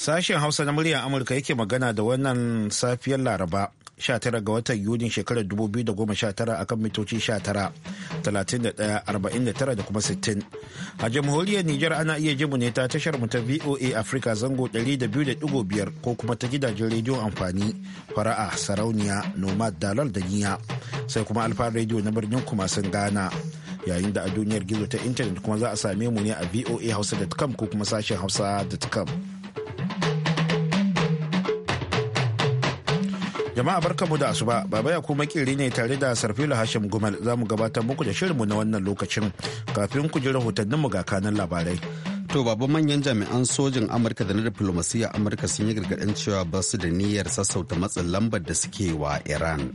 Sashen Hausa na muryar Amurka yake magana da wannan safiyar Laraba 19 ga watan Yuni shekarar 2019 akan mitoci 19, 31, 49 da kuma 60. A jamhuriyar Nijar ana iya jimu ne ta tashar mu ta VOA Africa zango 200.5 ko kuma ta gidajen rediyon amfani fara'a sarauniya nomad dalar da niya sai kuma alfa rediyo na birnin kumasin Ghana. yayin da a duniyar gizo ta intanet kuma za a same mu ne a hausa.com ko kuma sashen hausa.com. Jama'a barkamu da asuba, baba ya makiri ne tare da Sarfila Hashim Gumal za mu gabatar muku da shirinmu na wannan lokacin kafin ku ji rahotanninmu ga kanan labarai. To babban manyan jami'an sojin Amurka da na diplomasiya Amurka sun yi gargaɗin cewa ba su da niyyar sassauta matsin lambar da suke wa Iran.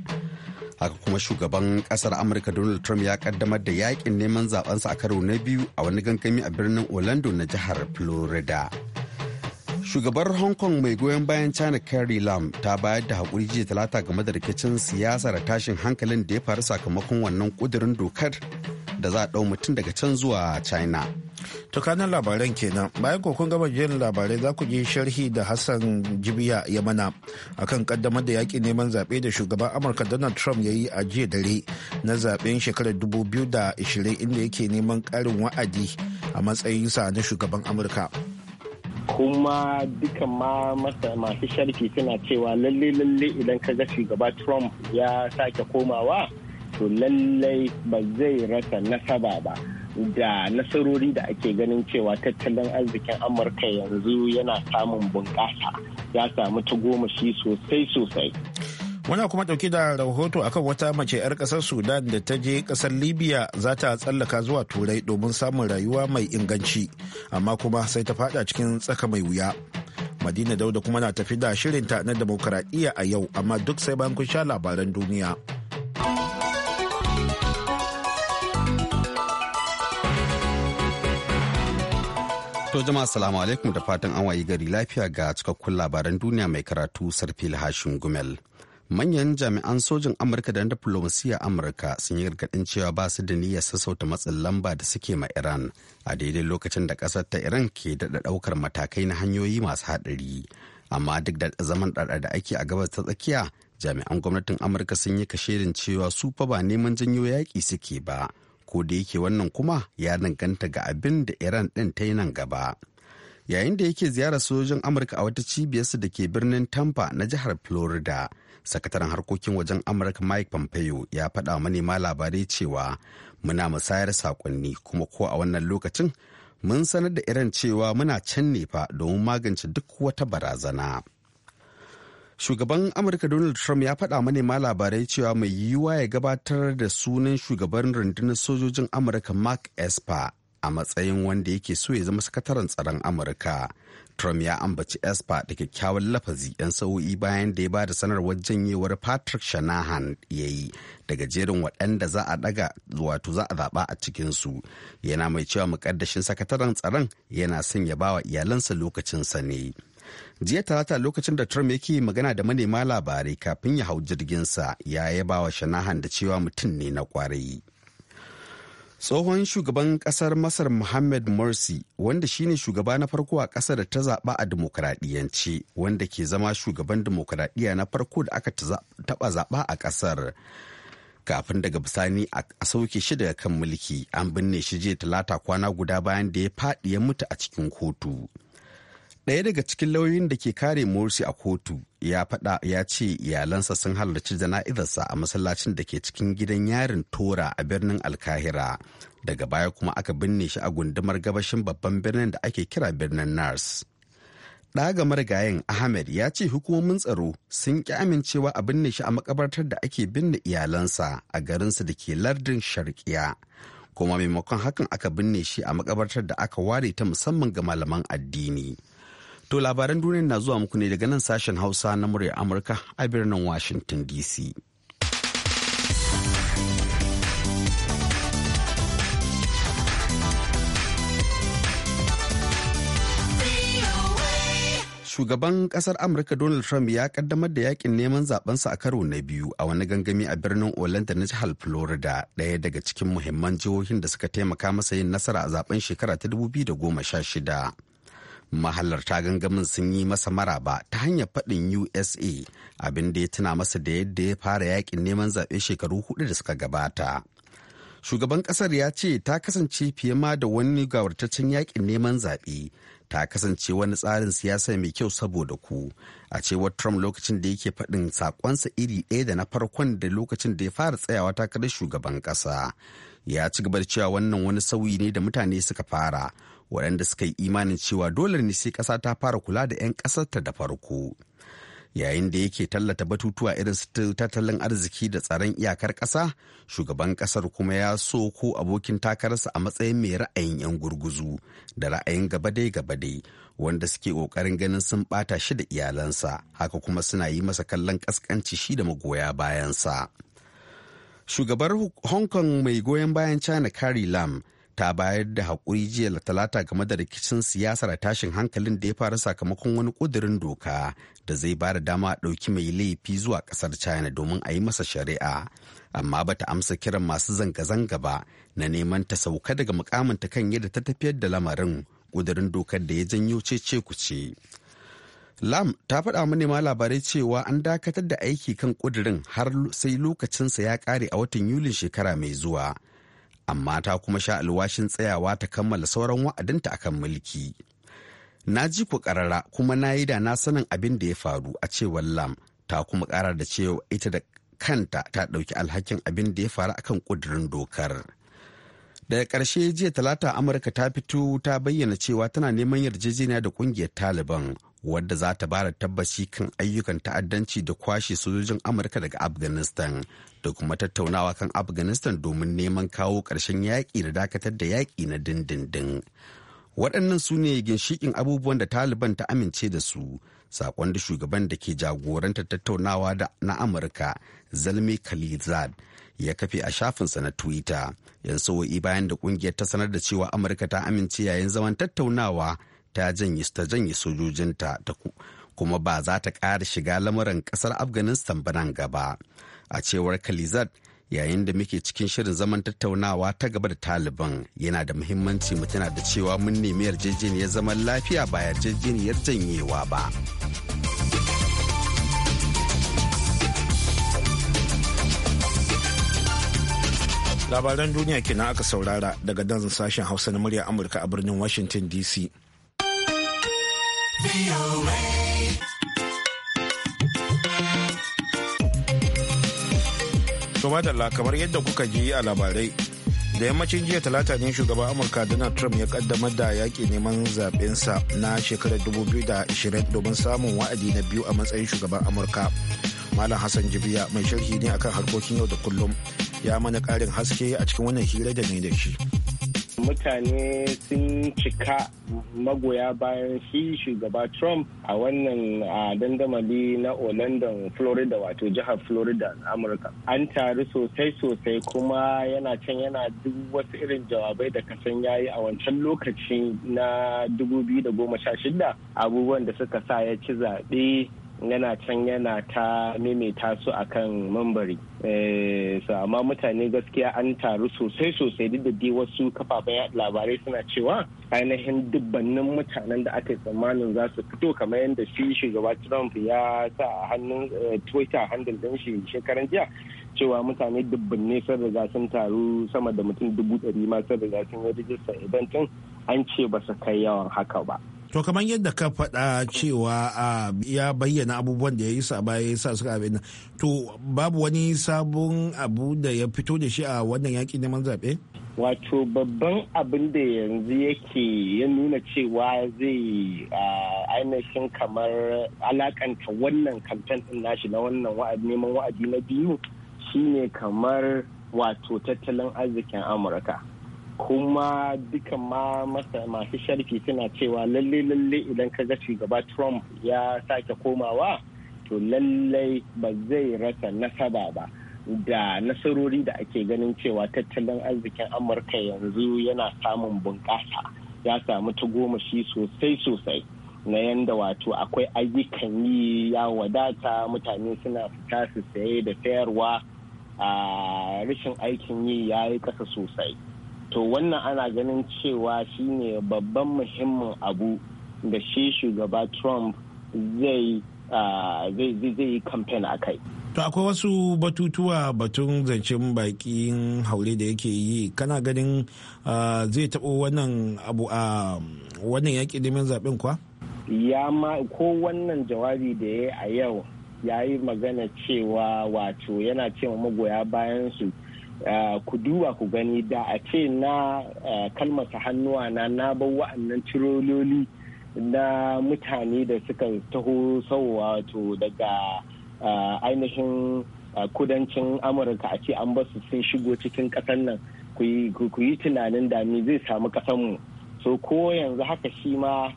Haka kuma shugaban kasar Amurka Donald Trump ya kaddamar da yakin neman zabensa a karo na biyu a wani gangami a birnin Orlando na jihar Florida. shugabar hong kong mai goyon bayan china carrie lam ta bayar da haƙuri jiya talata game da rikicin siyasa da tashin hankalin da ya faru sakamakon wannan ƙudurin dokar da za a ɗau mutum daga can zuwa china tukanin labaran kenan bayan kokon gama jin labarai za ku ji sharhi da hassan jibiya ya mana akan kaddamar da yaƙi neman zaɓe da shugaban amurka donald trump ya yi a jiya dare na zaɓen shekarar 2020 inda yake neman ƙarin wa'adi a matsayinsa na shugaban amurka kuma dukan ma masu sharki suna cewa lalle lalle idan ka ga shugaba trump ya sake komawa to lallai ba zai rasa nasaba ba da nasarori da ake ganin cewa tattalin arzikin amurka yanzu yana samun bunƙasa ya samu ta goma shi sosai sosai Muna kuma dauke da rahoto akan wata mace 'yar kasar Sudan da ta je kasar Libya za ta tsallaka zuwa Turai domin samun rayuwa mai inganci, amma kuma sai ta fada cikin tsaka mai wuya. Madina Dauda kuma na tafi da shirinta na demokaradiyya a yau, amma duk sai bayan kun sha labaran duniya. To jama'a salamu alaikum da fatan an wayi gari lafiya ga cikakkun labaran duniya mai karatu Sarfil Hashim Gumel. manyan jami'an sojin amurka da na diflomasiyyar amurka sun yi gargaɗin cewa ba su da niyyar sassauta matsin lamba da suke ma iran a daidai lokacin da ƙasar ta iran ke daɗa ɗaukar matakai na hanyoyi masu haɗari amma duk da zaman ɗaɗa da ake a gabas ta tsakiya jami'an gwamnatin amurka sun yi kashirin cewa su fa ba neman janyo yaƙi suke ba ko da yake wannan kuma ya danganta ga abin da iran ɗin ta yi nan gaba. yayin da yake ziyarar sojojin amurka a wata cibiyarsu da ke birnin tampa na jihar florida sakataren harkokin wajen amurka mike pompeo ya faɗa manema labarai cewa muna musayar saƙonni kuma ko a wannan lokacin mun sanar da iran cewa muna can ne fa domin magance duk wata barazana shugaban amurka donald trump ya faɗa manema labarai cewa mai yiwuwa ya gabatar da sunan shugaban rundunar sojojin amurka mark esper a matsayin wanda yake so ya zama sakataren tsaron amurka trump ya ambaci espa da kyakkyawan lafazi 'yan sa'o'i bayan da ya ba da sanarwar janyewar patrick shanahan ya yi daga jerin waɗanda za a daga wato za a zaɓa a cikinsu yana mai cewa mukaddashin sakataren tsaron yana son ya ba wa iyalansa lokacinsa ne jiya talata lokacin da trump yake magana da manema labarai kafin ya hau jirginsa ya yaba wa shanahan da cewa mutum ne na kwarai. tsohon shugaban kasar masar mohammed morsi wanda shine shugaba na farko a kasar da ta zaɓa a demokradiyanci wanda ke zama shugaban demokuraɗiyya na farko da aka taɓa zaɓa a kasar kafin daga bisani a sauke shi daga kan mulki an binne shi jiya talata kwana guda bayan da ya faɗi ya mutu a cikin kotu. ɗaya daga cikin lauyoyin da ke kare morsi a kotu ya faɗa ya ce iyalansa sun halarci jana'izarsa a masallacin da ke cikin gidan yarin tora a birnin alkahira daga baya kuma aka binne shi a gundumar gabashin babban birnin da ake kira birnin nars ɗaga marigayen ahmed ya ce hukumomin tsaro sun ƙi amincewa a binne shi a makabartar da ake binne iyalansa a garinsa da ke lardin sharkiya kuma maimakon hakan aka binne shi a makabartar da aka ware ta musamman ga malaman addini. To labaran duniya na zuwa muku ne daga nan sashen Hausa na murya Amurka a birnin Washington DC. shugaban ƙasar amurka donald trump ya ƙaddamar da yakin neman zabensa a karo na biyu a wani gangami a birnin orlando na jihar florida ɗaya daga cikin muhimman jihohin da suka taimaka masa yin nasara a zaben shekara ta 2016 mahalarta gangamin sun yi masa maraba ta hanyar faɗin usa abin da ya tuna masa da yadda ya fara yakin neman zaɓe shekaru hudu da suka gabata shugaban ƙasar ya ce ta kasance fiye ma da wani gawartaccen yakin neman zaɓe ta kasance wani tsarin siyasa mai kyau saboda ku a cewar trump lokacin da yake faɗin saƙonsa iri ɗaya da na farkon da lokacin da ya fara tsayawa takarar shugaban ƙasa ya ci gaba da cewa wannan wani sauyi ne da mutane suka fara waɗanda suka yi imanin cewa dole ne sai ƙasa ta fara kula da 'yan ƙasarta da farko yayin da yake tallata batutuwa irin su tattalin arziki da tsaron iyakar ƙasa shugaban ƙasar kuma ya so ko abokin takararsa a matsayin mai ra'ayin 'yan gurguzu da ra'ayin gaba dai-gaba dai wanda suke ƙoƙarin ganin sun ɓata shi da iyalansa haka kuma suna yi masa kallon ƙasƙanci shi da magoya bayansa shugabar hong kong mai goyon bayan china carrie lam ta bayar da haƙuri jiya talata game da rikicin siyasar tashin hankalin da ya faru sakamakon wani ƙudurin doka da zai ba da dama a ɗauki mai laifi zuwa ƙasar china domin a yi masa shari'a amma ba ta amsa kiran masu zanga-zanga ba na neman ta sauka daga ta kan yadda ta tafiyar da lamarin ƙudurin dokar da ya janyo cece ce. lam ta faɗa manema labarai cewa an dakatar da aiki kan ƙudurin har sai lokacinsa ya ƙare a watan yulin shekara mai zuwa amma ta kuma sha alwashin tsayawa ta kammala sauran wa'adinta akan mulki. Na ji ku karara kuma na yi da na sanin abin da ya faru a cewar Lam ta kuma kara da cewa ita da kanta ta ɗauki alhakin abin da ya faru akan ƙudurin dokar. Daga ƙarshe jiya talata Amurka ta fito ta bayyana cewa tana neman yarjejeniya da ƙungiyar Taliban wadda za ta bada tabbaci kan ayyukan ta'addanci da kwashe sojojin amurka daga afghanistan da kuma tattaunawa kan afghanistan domin neman kawo ƙarshen yaƙi da dakatar da yaƙi na dindindin waɗannan su ne ginshiƙin abubuwan da taliban ta amince da su saƙon da shugaban da ke jagorantar tattaunawa na amurka zalmi khalizad ya kafe a shafinsa na twitter yan sawo'i bayan da ƙungiyar ta sanar da cewa amurka ta amince yayin zaman tattaunawa ta janye sojojinta ta kuma ba za ta ƙara shiga lamuran ƙasar afghanistan ba nan gaba a cewar khalizat yayin da muke cikin shirin zaman tattaunawa ta gaba da taliban yana da muhimmanci mu da cewa mun nemi yarjejeniyar zaman lafiya ba yarjejeniyar janyewa ba labaran duniya kenan aka saurara daga danzan sashen hausa na murya amurka a birnin washington dc Tumadalla kamar yadda kuka ji a labarai da yammacin jiya talata ne shugaban amurka donald trump ya kaddamar da yaƙi neman zaɓensa na shekarar 2020 domin samun wa'adi na biyu a matsayin shugaban amurka malam hassan jibiya mai sharhi ne akan harkokin yau da kullum ya mana ƙarin haske a cikin wannan hira da ne da shi mutane sun cika magoya bayan shi shugaba trump a wannan dandamali na orlando florida wato jihar florida na amurka an taru sosai sosai kuma yana can yana duk wasu irin jawabai da kasan yayi a wancan lokaci na 2016 abubuwan da suka sa ya ci zaɓe yana can yana ta maimaita su akan mambari eh, su amma mutane gaskiya an taru sosai sosai duk da dai wasu kafafen labarai suna cewa ainihin dubbannin mutanen da aka tsammanin za su fito kamar yadda shi shugaba trump ya sa a hannun eh, twitter handle din shi shekaran jiya cewa mutane dubbanne sun riga sun taru sama da mutum dubu ɗari ma sun riga sun yi rijista tun an ce ba su kai yawan haka ba to kamar yadda ka faɗa cewa ya bayyana abubuwan da ya yi sa baya ya sa suka abin to babu wani sabon abu da ya fito da shi a wannan yaƙi neman zaɓe wato babban abin da yanzu yake ya nuna cewa zai ainihin kamar alakanta wannan kamfen din nashi na wannan neman wa'adi na biyu shine kamar wato tattalin arzikin amurka kuma duka ma masu sharki suna cewa lalle lalle idan ka ga shugaba trump ya sake komawa to lallai ba zai rasa nasaba ba da nasarori da ake ganin cewa tattalin arzikin amurka yanzu yana samun bunƙasa ya samu ta goma shi sosai sosai na yanda wato akwai ayyukan yi ya wadata mutane suna fita su saye da sayarwa a ah, rashin aikin yi ya yi ƙasa sosai to wannan ana ganin cewa shine babban muhimmin abu da shi shugaba trump zai yi kamfen a kai to akwai wasu batutuwa batun zancen bakin haure da yake yi kana ganin zai taɓo wannan abu a wannan yaƙi neman zaɓen kwa? ya ma ko wannan jawabi da ya yi a yau ya yi magana cewa wato yana cewa magoya bayan su Eh, ku duba ku gani da a ce na eh, kalmata hannuwa na na bar wa'annan cirololi na mutane da suka taho sauwa to daga eh, ainihin kudancin amurka a ce an basu sun shigo cikin ƙasar nan ku yi tunanin da me zai samu ƙasanmu so ko yanzu haka shi ma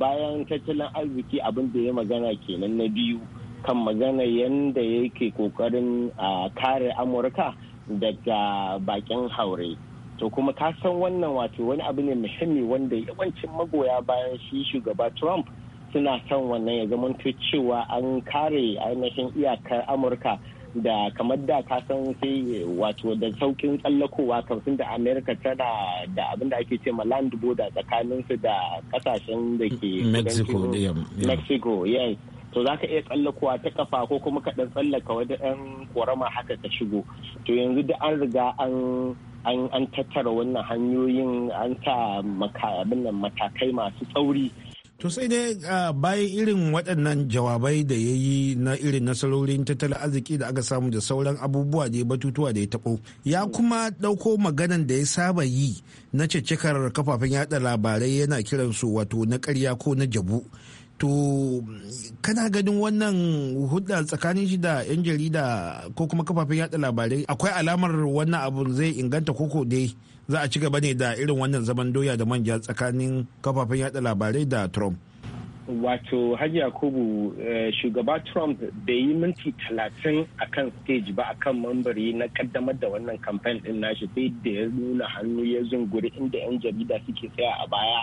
bayan tattalin arziki abin da ya magana kenan na biyu kan magana yadda yake kokarin kare amurka daga bakin haure to kuma ka san wannan wato wani abu ne muhimmi wanda yawancin magoya bayan shi shugaba trump suna son wannan ya zamanto cewa an kare ainihin iyakar amurka da kamar da ka san sai wato da saukin tsallakowa kamsin da amerika tana da abin da ake ce ma land border tsakaninsu da kasashen da ke mexico yes to za ka iya tsallakowa ta kafa ko kuma ka dan tsallaka wajen yan korama haka ka shigo to yanzu da an riga an an, tattara wannan hanyoyin an sa matakai masu tsauri to sai dai bayan irin waɗannan jawabai da ya yi na irin nasarorin tattalin arziki da aka samu da sauran abubuwa da ya batutuwa da ya taɓo ya kuma ɗauko maganan da ya saba yi na cikakkar kafafen yada labarai yana kiransu wato na karya ko na jabu to kana ganin wannan hudda tsakanin shi da 'yan jarida ko kuma kafafen yada labarai akwai alamar wannan abun zai inganta koko dai za a ci gaba ne da irin wannan zaman doya da manja tsakanin kafafen yada labarai da trump wato hajji yakubu eh, shugaba trump bai yi minti talatin a kan stage ba a kan mambari na kaddamar da wannan kamfen din nashi sai da ya nuna hannu ya zunguri inda 'yan jarida suke tsaya a baya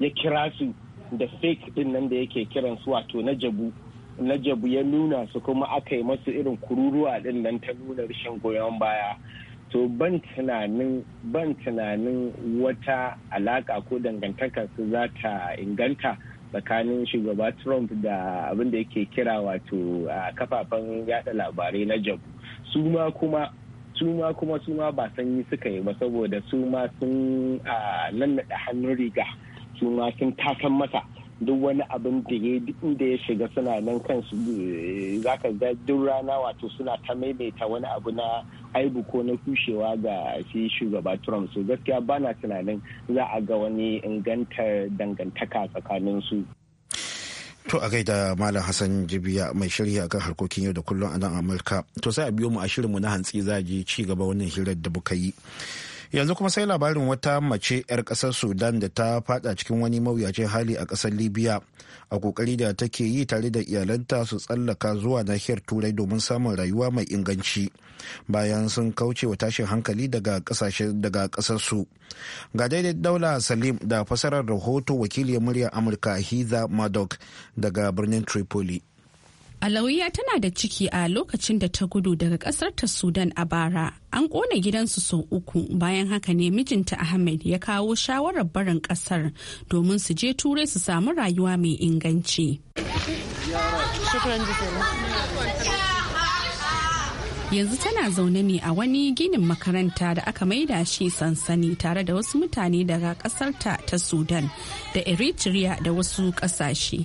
ya kira su da fake din nan da yake kiran su wato na jabu na jabu ya nuna su kuma aka yi masu irin kururuwa din nan ta nuna rashin goyon baya to ban tunanin ban tunanin wata alaka ko dangantaka su za ta inganta tsakanin shugaba trump da abin da yake kira wato kafafen yada labarai na jabu su ma kuma suma kuma suma ba sanyi suka yi ba saboda suma ma sun nannaɗa hannun riga suna sun takan masa duk wani abin da ya inda ya shiga suna nan kansu eh, ka ga duk rana wato suna ta maimaita wani abu na aibu ko na kushewa ga shi shugaba trump so gaskiya bana tunanin za a ga wani ingantar dangantaka tsakanin su To a gaida Malam Hassan Jibiya mai shirya akan harkokin yau da kullum a nan Amurka. To sai a biyo mu a shirinmu na hantsi za je ci gaba wannan hirar da muka yi. yanzu kuma sai labarin wata mace 'yar ƙasar sudan da ta fada cikin wani mawuyacin hali a ƙasar libya a kokari da take yi tare da iyalanta su tsallaka zuwa nahiyar turai domin samun rayuwa mai inganci bayan sun kauce wa tashin hankali daga daga ƙasar su ga daidai daula salim da fasarar rahoto wakiliyar murya amurka hiza madok daga birnin tripoli Alawiya tana da ciki a lokacin da ta gudu daga kasar ta Sudan a bara. An kona gidansu sau uku bayan haka ne mijinta Ahmed ya kawo shawarar barin kasar domin su je turai su samu rayuwa mai inganci. yanzu tana zaune ne a wani ginin makaranta da aka maida shi sansani tare da wasu mutane daga ƙasarta ta sudan da eritrea da wasu kasashe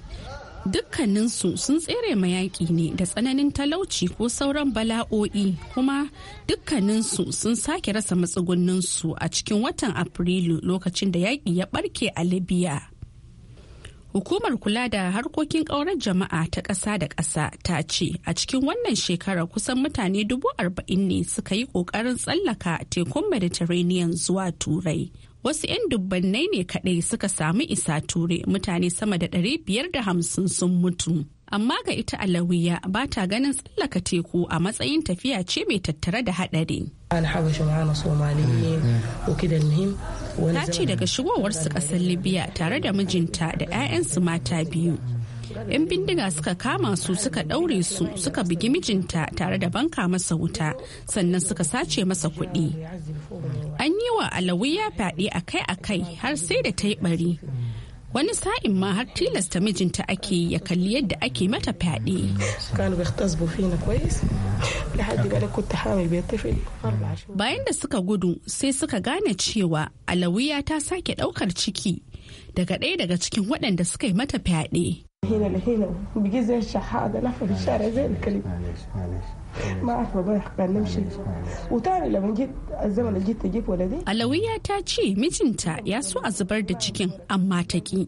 dukkaninsu sun tsere ma ne da tsananin talauci ko sauran bala'o'i kuma dukkaninsu sun sake rasa su a cikin watan afrilu lokacin da yaƙi ya ɓarke a libya hukumar kula da harkokin ƙaurar jama'a ta ƙasa da ƙasa ta ce a cikin wannan shekarar kusan mutane dubu arba'in ne suka yi ƙoƙarin tsallaka tekun mediterranean zuwa turai wasu 'yan dubbannai ne kaɗai suka samu isa ture mutane sama da biyar da ɗari hamsin sun mutu. Amma ga ita alawiya ba ta ganin tsallaka teku a matsayin tafiya ce mai tattare da haɗari. Mm, mm. Ta ce daga shigowarsu ƙasar Libya tare da mijinta da 'ya'yansu mata biyu. 'yan bindiga suka kama su suka ɗaure su suka bugi mijinta tare da banka masa wuta sannan suka sace masa kuɗi an yi wa alawiya fyaɗe akai-akai har sai da ta yi ɓari wani sa'in ma har tilasta mijinta ake ya kalli yadda ake mata fyaɗe. bayan da suka gudu sai suka gane cewa alawiya ta sake ɗaukar ciki daga ɗaya daga cikin waɗanda suka yi mata fyaɗe. هنا لهنا زي الشحاده في الشارع زي الكلب معلش معلش ما أعرف بروح كان نمشي وثاني لما جيت الزمن اللي جيت أجيب ولدي علويه ta مجنتا يا سو ازبر a zubar اما تكي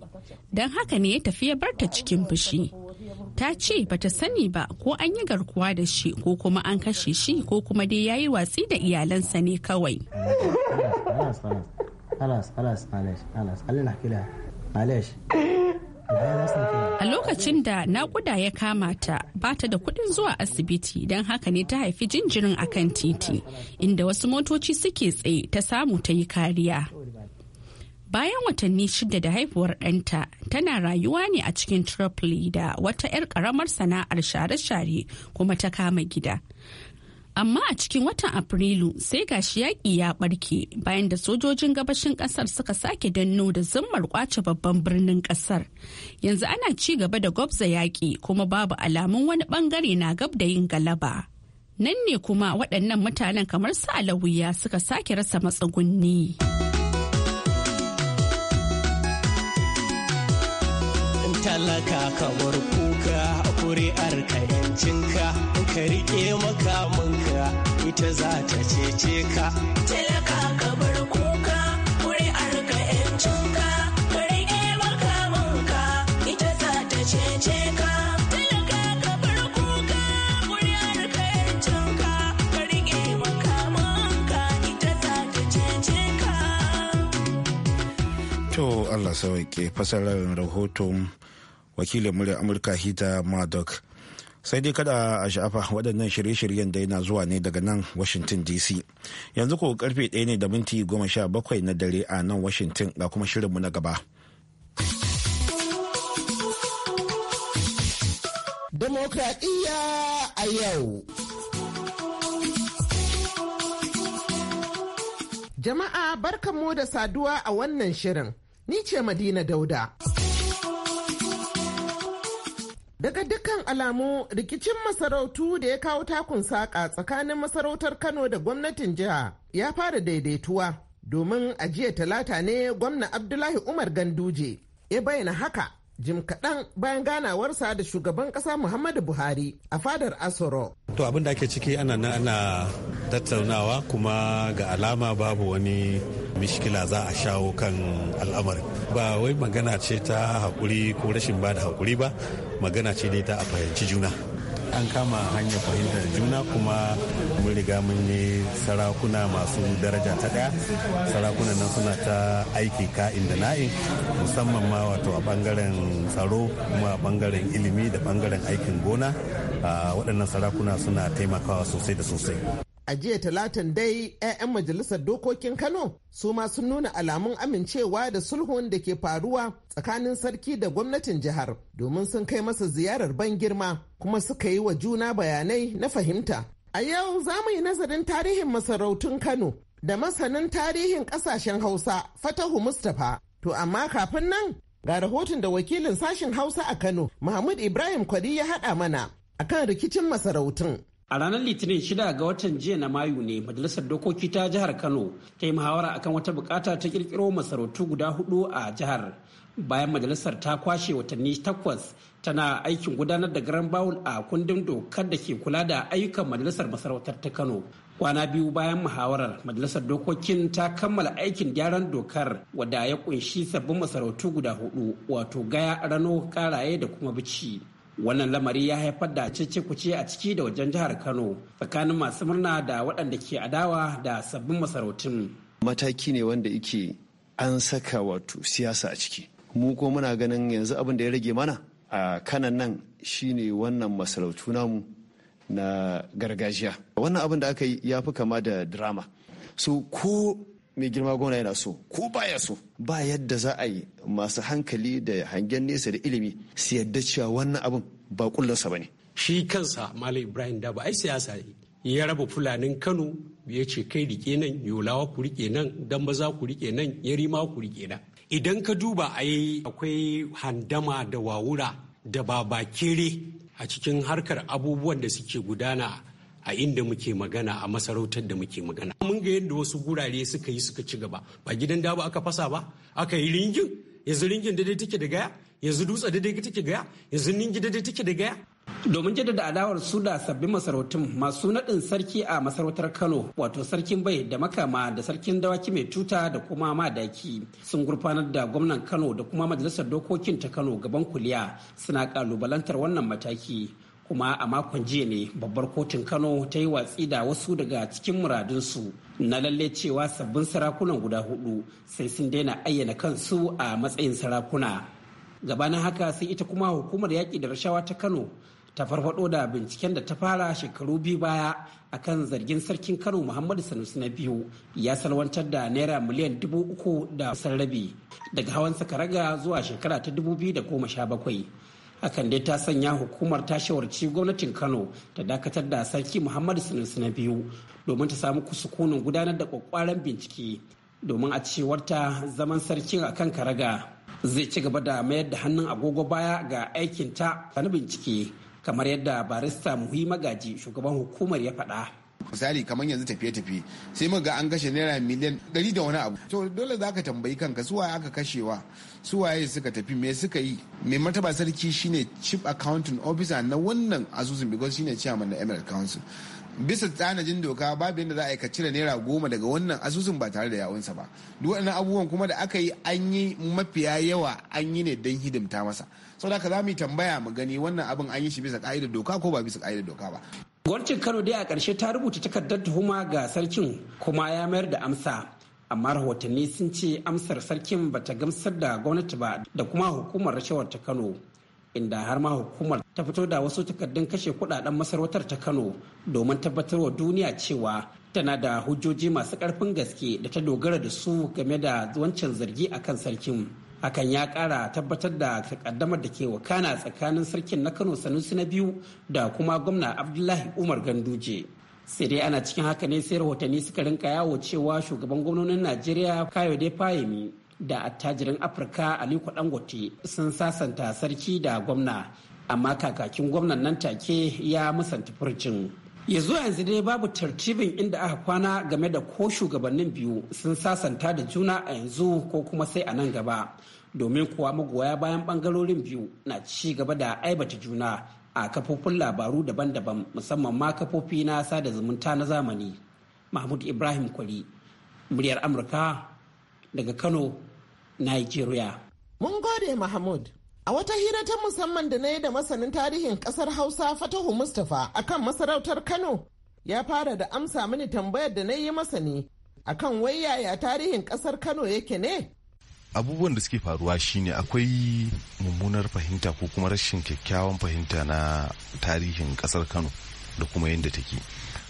دان هكا ني تفيه برتا ne ya ta ce ba ta sani ba ko an yi garkuwa da shi ko kuma an kashe shi ko kuma dai ya yi watsi da iyalansa ne kawai خلاص خلاص خلاص معلش خلاص خلينا احكي لها A lokacin da naƙuda ya kama ta ba ta da kuɗin zuwa asibiti don haka ne ta haifi jinjirin akan titi inda wasu motoci suke tsaye ta samu ta yi kariya. Bayan watanni shida da haifuwar ɗanta tana rayuwa ne a cikin Tripoli da wata 'yar ƙaramar sana'ar share-share kuma ta kama gida. amma a cikin watan afrilu sai gashi yaƙi ya ɓarke bayan da sojojin gabashin ƙasar suka sake danno da zummar kwace babban birnin ƙasar yanzu ana ci gaba da gwabza yaƙi kuma babu alamun wani ɓangare na gab da yin galaba nan ne kuma waɗannan mutanen kamar su alawiya suka sake rasa matsugunni. talaka ku kuri'ar ka yancinka ka rike makamanka ita za ta cece ka talaka ka bar kuka kuri'ar ka ka rike makamanka ita za ta cece ka To Allah sauke fasarar rahoton wakilin muryar amurka hita madok sai dai kada a sha'afa waɗannan shirye-shiryen da yana zuwa ne daga nan washington dc yanzu ko karfe ɗaya ne da minti goma sha bakwai na dare a nan washington ga kuma shirinmu na gaba demokradiyya a yau jama'a barkanmu da saduwa a wannan shirin ni ce madina dauda Daga dukkan alamu rikicin masarautu da ya kawo takun saƙa tsakanin masarautar Kano da gwamnatin jiha ya fara daidaituwa domin a jiya talata ne gwamna Abdullahi Umar Ganduje ya bayyana haka jim kaɗan bayan ganawarsa da shugaban ƙasa muhammadu buhari a fadar asoro to abin da ake ciki ana ana tattaunawa kuma ga alama babu wani mishkila za a shawo kan al'amarin ba wai magana ce ta haƙuri ko rashin ba da haƙuri ba magana ce ne ta a fahimci juna an kama hanyar fahimtar juna kuma mun riga mun yi sarakuna masu daraja ta daya sarakuna nan suna ta aiki ka'in da na'in musamman ma wato a bangaren tsaro kuma a bangaren ilimi da bangaren aikin gona ah, waɗannan sarakuna suna taimakawa sosai da sosai A jiya talatan dai 'ya'yan majalisar dokokin Kano su ma sun nuna alamun amincewa da sulhun da ke faruwa tsakanin sarki da gwamnatin jihar domin sun kai masa ziyarar ban girma kuma suka yi wa juna bayanai na fahimta. A yau za mu yi nazarin tarihin masarautun Kano da masanin tarihin kasashen Hausa Fatahu Mustapha. To amma kafin nan ga rahoton da wakilin sashen Hausa a Kano Muhammad Ibrahim Kwari ya haɗa mana akan rikicin masarautun. A ranar Litinin shida ga watan jiya na Mayu ne Majalisar Dokoki ta jihar Kano ta yi muhawara akan wata bukata ta kirkiro masarautu guda hudu a jihar. Bayan majalisar ta kwashe watanni takwas tana aikin gudanar da garan bawul a kundin dokar da ke kula da ayyukan majalisar masarautar ta Kano. Kwana biyu bayan muhawarar majalisar dokokin ta kammala aikin gyaran dokar wadda ya kunshi sabbin masarautu guda hudu wato gaya rano karaye da kuma bici. wannan lamari ya haifar da cece-kuce a ciki da wajen jihar kano tsakanin masu murna da waɗanda ke adawa da sabbin masarautun mataki ne wanda ike an saka wato siyasa a ciki mu ko muna ganin yanzu abin da ya rage mana a kanan nan shine wannan masarautu namu na gargajiya wannan abin da aka yi ya fi kama da drama so ko mai girma gona yana so ko baya so ba yadda za a yi masu hankali da hangen nesa da ilimi su yadda cewa wannan abin ba kullansa ba ne. shi kansa malam ibrahim da ba ai siyasa ya raba fulanin kano ya ce kai rike nan yolawa ku rike nan dan maza ku rike nan yarima ku rike na. idan ka duba ai akwai handama da wawura da babakere a cikin harkar abubuwan da suke gudana a inda muke magana a masarautar da muke magana mun ga yadda wasu gurare suka yi suka ci gaba ba gidan dabo aka fasa ba aka yi ringin yanzu ringin dai take da gaya yanzu dutse dai take gaya yanzu ningi dai take da gaya domin jaddada alawar su da sabbin masarautun masu nadin sarki a masarautar kano wato sarkin bai da makama da sarkin dawaki mai tuta da kuma madaki sun gurfanar da gwamnan kano da kuma majalisar dokokin ta kano gaban kuliya suna kalubalantar wannan mataki kuma a makon jiya ne babbar kotun kano ta yi watsi da wasu daga cikin muradunsu na lalle cewa sabbin sarakunan guda hudu sai sun daina ayyana kansu a matsayin sarakuna gabanin haka sai ita kuma hukumar yaƙi da rashawa ta kano ta farfado da binciken da ta fara shekaru biyu baya a kan zargin sarkin kano muhammadu sanusi na biyu ya salwantar da naira miliyan dubu uku da sarrabi daga hawan sakaraga zuwa shekara ta dubu biyu da goma sha bakwai hakan dai ta sanya hukumar ta shawarci gwamnatin kano ta dakatar da sarki muhammadu sunusu na biyu domin ta samu kusukunin gudanar da kwakwaran bincike domin a cewarta zaman sarkin a kan karaga zai ci gaba da mayar da hannun agogo baya ga aikinta na bincike kamar yadda barista muhi magaji shugaban hukumar ya faɗa. misali kamar yanzu tafiye-tafiye sai muka ga an kashe naira miliyan ɗari da wani abu to dole za ka tambayi kanka waye aka kashewa suwaye suka tafi me suka yi mai martaba sarki shine chief accounting officer na wannan asusun because shine chairman na emirate council bisa tsanajin doka babu yadda za a yi ka cire naira goma daga wannan asusun ba tare da yawunsa ba duk wani abubuwan kuma da aka yi an yi mafiya yawa an yi ne don hidimta masa sau da ka za mu yi tambaya mu gani wannan abin an yi shi bisa ka'idar doka ko ba bisa ka'idar doka ba Gwamnatin Kano dai a ƙarshe ta rubuta takardar tuhuma ga sarkin kuma ya mayar da amsa. Amma rahotanni sun ce amsar sarkin ba ta gamsar da gwamnati ba da kuma hukumar rashawar ta Kano. inda har ma hukumar ta fito da wasu takardun kashe kudaden masarautar ta kano domin tabbatar wa duniya cewa tana da hujjoji masu karfin gaske da ta dogara da su game da wancan zargi akan sarkin hakan ya kara tabbatar da takaddamar da ke wakana tsakanin sarkin na kano sanusi na biyu da kuma gwamna abdullahi umar ganduje sai dai ana cikin haka ne sai rahotanni suka rinka yawo cewa shugaban gwamnonin najeriya kayode fayemi da attajirin afirka aliko dangote sun sasanta sarki da gwamna amma kakakin gwamnan nan take ya musanta furcin ya yanzu dai babu tartibin inda aka kwana game da ko shugabannin biyu sun sasanta da juna a yanzu ko kuma sai a nan gaba domin kuwa magoya bayan bangarorin biyu na ci gaba da aibata juna a kafofin labaru daban-daban musamman ma kafofi na sada zumunta na zamani mahmud ibrahim kwali muryar amurka daga kano nigeria mun gode mahmud A wata hira ta musamman da na yi da masanin tarihin kasar Hausa Fatahu Mustapha akan masarautar Kano ya fara da amsa mini tambayar da na yi masa ne akan wai yaya tarihin kasar Kano yake ne? Abubuwan da suke faruwa shine akwai mummunar fahimta ko kuma rashin kyakkyawan fahimta na tarihin kasar Kano da kuma yadda take.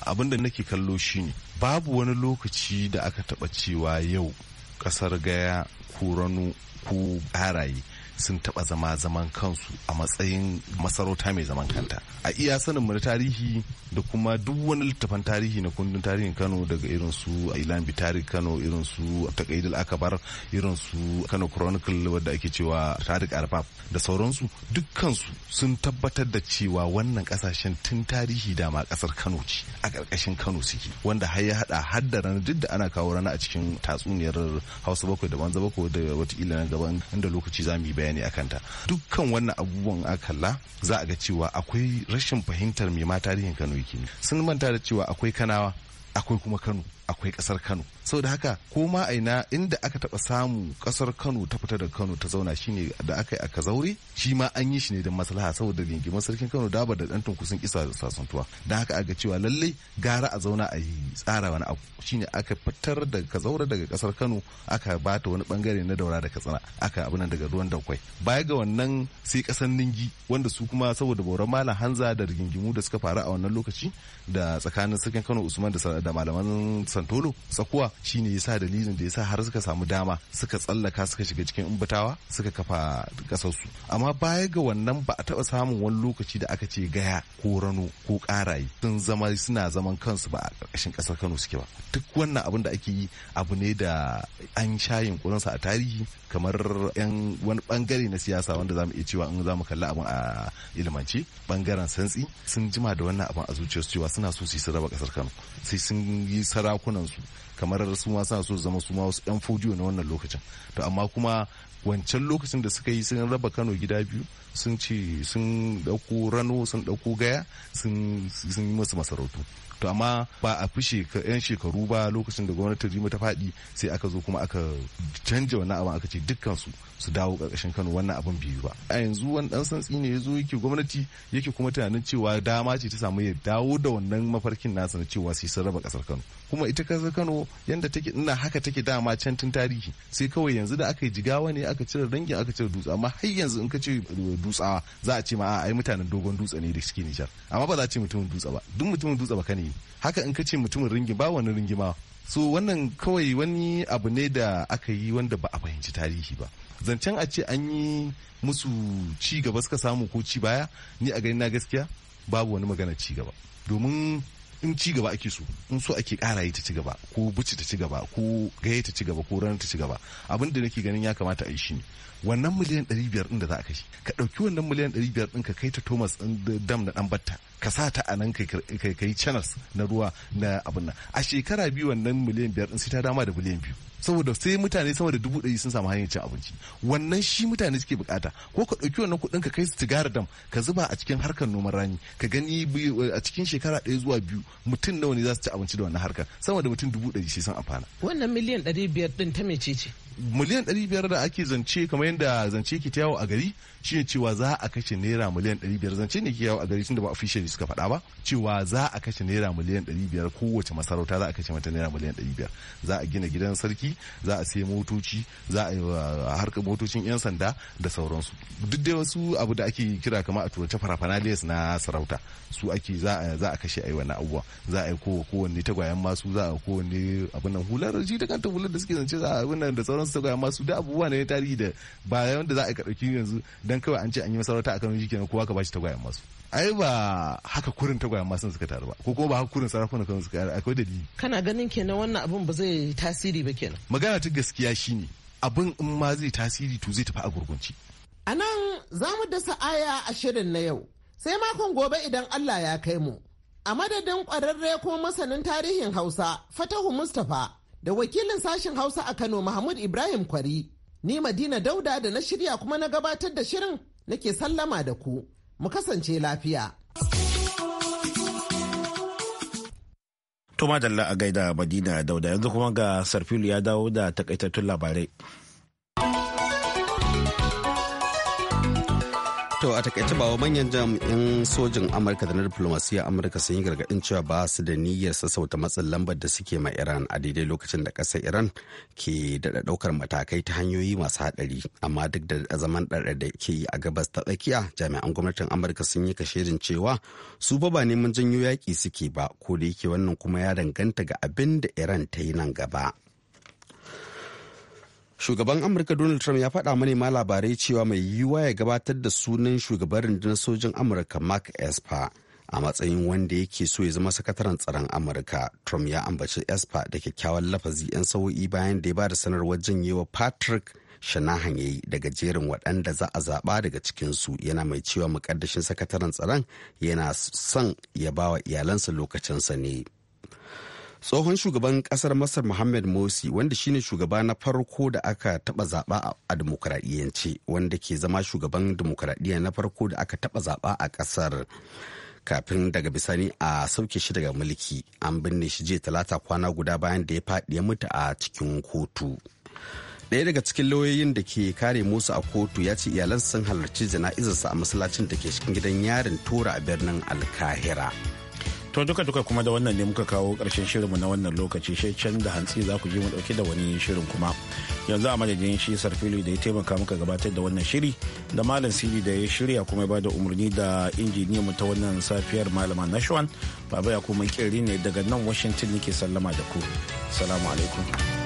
Abin da nake kallo shine babu wani lokaci da aka taba cewa yau kasar gaya ko ranu ko barayi sun taba zama zaman kansu a matsayin masarauta mai zaman kanta a iya sanin na tarihi da kuma duk wani littafan tarihi na kundin tarihin kano daga irin su ilan bitari kano irin su takaidul akabar irin su kano chronicle wadda ake cewa tarik arbab da sauransu dukkansu sun tabbatar da cewa wannan kasashen tun tarihi dama kasar kano ce a karkashin kano suke wanda har ya hada har da duk da ana kawo rana a cikin tatsuniyar hausa bakwai da banza bakwai da watakila na gaban inda lokaci za mu yi bayani a kanta dukkan wannan abubuwan kalla za a ga cewa akwai rashin fahimtar me ma tarihin kano yake sun manta da cewa akwai kanawa akwai kuma kano akwai kasar kano sau da haka ko ma aina inda aka taba samu kasar kano ta fita da kano ta zauna shine da aka yi a kazaure shi ma an yi shi ne don maslaha saboda rigimar sarkin kano daba da dan tunku sun isa sasantuwa don haka aga cewa lallai gara a zauna a yi tsara wani abu shine aka fitar da kazaure daga kasar kano aka bata wani bangare na daura da katsina aka abu nan daga ruwan dankwai baya ga wannan sai kasar ningi wanda su kuma saboda boran malam hanza da rigingimu da suka faru a wannan lokaci da tsakanin sarkin kano usman da malaman santolo sakuwa shine yasa dalilin da yasa har suka samu dama suka tsallaka suka shiga cikin umbatawa suka kafa kasarsu amma baya ga wannan ba a taba samun wani lokaci da aka ce gaya ko rano ko karaye sun zama suna zaman kansu ba a ƙarƙashin ƙasar Kano suke ba duk wannan abin da ake yi abu ne da an sha yunƙurinsa a tarihi kamar yan wani bangare na siyasa wanda zamu iya cewa in zamu kalli abin a ilimance bangaren santsi sun jima da wannan abin a zuciyarsu cewa suna so su yi su raba ƙasar Kano sai sun yi sarakunansu. kamar su ma sa so zama su ma wasu yan fodiyo na wannan lokacin to amma kuma wancan lokacin da suka yi sun raba kano gida biyu sun ci sun ɗauko rano sun ɗauko gaya sun yi musu masarautu to amma ba a fi yan shekaru ba lokacin da gwamnatin rima ta faɗi sai aka zo kuma aka canja wannan abin aka ce dukkan su su dawo ƙarƙashin kano wannan abin biyu ba a yanzu wani ɗan santsi ne ya zo yake gwamnati yake kuma tunanin cewa dama ce ta samu ya dawo da wannan mafarkin nasa na cewa sai sun raba ƙasar kano kuma ita ƙasar kano yadda take ina haka take dama can tun tarihi sai kawai yanzu da aka yi jigawa ne aka cire dangin aka cire dutse amma har yanzu in ka ce dutsawa za a ce ma a mutanen dogon dutse ne da suke nijar amma ba za a ce mutumin dutse ba duk mutumin dutse ba ka ne haka in ka ce mutumin ringi ba wani ringima so wannan kawai wani abu ne da aka yi wanda ba a fahimci tarihi ba zancen a ce an yi musu ci gaba suka samu ko ci baya ni a gani na gaskiya babu wani magana ci gaba domin in ci gaba ake so in so ake kara yi ta ci gaba ko buci ta ci gaba ko gaye ta ci gaba ko ranar ta ci gaba abin da nake ganin ya kamata a yi shine wannan miliyan 500 din da za a kashe ka dauki wannan miliyan 500 din ka kai ta Thomas dam na dan batta ka sa ta a nan kai channels na ruwa na abin nan a shekara biyu wannan miliyan 500 din sai ta dama da miliyan biyu saboda sai mutane sama da dubu ɗari sun samu hanyar cin abinci wannan shi mutane suke bukata ko ka ɗauki wannan kuɗin ka kai su dam ka zuba a cikin harkar noman rani ka gani eh, a cikin shekara ɗaya zuwa biyu mutum nawa ne za su ci abinci da wannan harkar sama da mutum dubu ɗari sai sun amfana. wannan miliyan ɗari biyar ɗin ta mecece? ce. miliyan 500 da ake zance kamar yadda zance ke yawo a gari shi ne cewa za a kashe naira miliyan 500 zance ne ke yawo a gari tunda ba officially suka faɗa ba cewa za a kashe naira miliyan 500 kowace masarauta za a kashe mata naira miliyan 500 za a gina gidan sarki za a sai motoci za a uh, harkar motocin yan sanda da sauransu duk da wasu abu da ake kira kamar a turance parapanalias na sarauta su ake za a kashe a yi wani abubuwa za a yi kowanne tagwayen masu za a kowanne abin nan hular da kanta hular da suke zance za a abin nan da sauran sauransu masu da abubuwa ne tarihi da ba wanda za a ka ɗauki yanzu dan kawai an ce an yi masarauta a Kano shikenan kowa ka bashi tagwayen masu ai ba haka kurin tagwayen masu suka taru ba ko kuma ba haka kurin sarakunan kan suka akwai dalili kana ganin kenan wannan abun ba zai tasiri ba kenan magana ta gaskiya shine abin in ma zai tasiri to zai tafi a gurgunci a nan za mu dasa aya a shirin na yau sai makon gobe idan Allah ya kai mu a madadin ƙwararre kuma masanin tarihin Hausa Fatahu Mustapha da wakilin sashen Hausa a Kano Mahmud Ibrahim Kwari. Ni Madina Dauda da na shirya kuma na gabatar da shirin nake sallama da ku. Mu kasance lafiya. Tuma Dalla a gaida Madina Dauda yanzu kuma ga Sarfilu ya dawo da takaitattun labarai. to a takaice ba manyan jami'in sojin amurka da na diplomasiya amurka sun yi gargaɗin cewa ba su da niyyar sassauta matsin lambar da suke ma iran a daidai lokacin da ƙasar iran ke daɗa ɗaukar matakai ta hanyoyi masu haɗari amma duk da zaman ɗarɗar da ke yi a gabas ta tsakiya jami'an gwamnatin amurka sun yi kashirin cewa su ba ba neman janyo yaƙi suke ba ko da yake wannan kuma ya danganta ga abin da iran ta yi nan gaba. shugaban amurka donald trump ya faɗa ma labarai cewa mai yiwuwa ya gabatar da sunan shugaban rundunar sojin amurka mark esper a matsayin wanda yake so ya zama sakataren tsaron amurka trump ya ambaci esper da kyakkyawan lafazi 'yan sa'o'i bayan da ya ba da sanarwar janyewa patrick shanahan ya yi daga jerin waɗanda za a zaɓa daga cikinsu yana mai cewa mukaddashin sakataren tsaron yana son ya ba wa iyalansa lokacinsa ne tsohon shugaban kasar masar muhammad morsi wanda shine shugaba na farko da aka taba zaba a demokradiyyance wanda ke zama shugaban demokradiyya na farko da aka taba zaba a kasar kafin daga bisani a sauke shi daga mulki an binne shi jiya talata kwana guda bayan da ya faɗi ya mutu a cikin kotu ɗaya daga cikin lauyoyin da ke kare musu a kotu ya ce iyalan sun halarci jana'izarsa a masallacin da ke cikin gidan yarin tora a birnin alkahira to duka duka kuma da wannan ne muka kawo ƙarshen shirinmu na wannan lokaci sai can da hantsi za ku je mu ɗauki da wani shirin kuma yanzu a madadin shi sarfili da ya taimaka muka gabatar da wannan shiri da malam sidi da ya shirya kuma ya bada umarni da injiniyan mu ta wannan safiyar malama nashwan baba ya kuma kirri ne daga nan washington nake sallama da ku salamu alaikum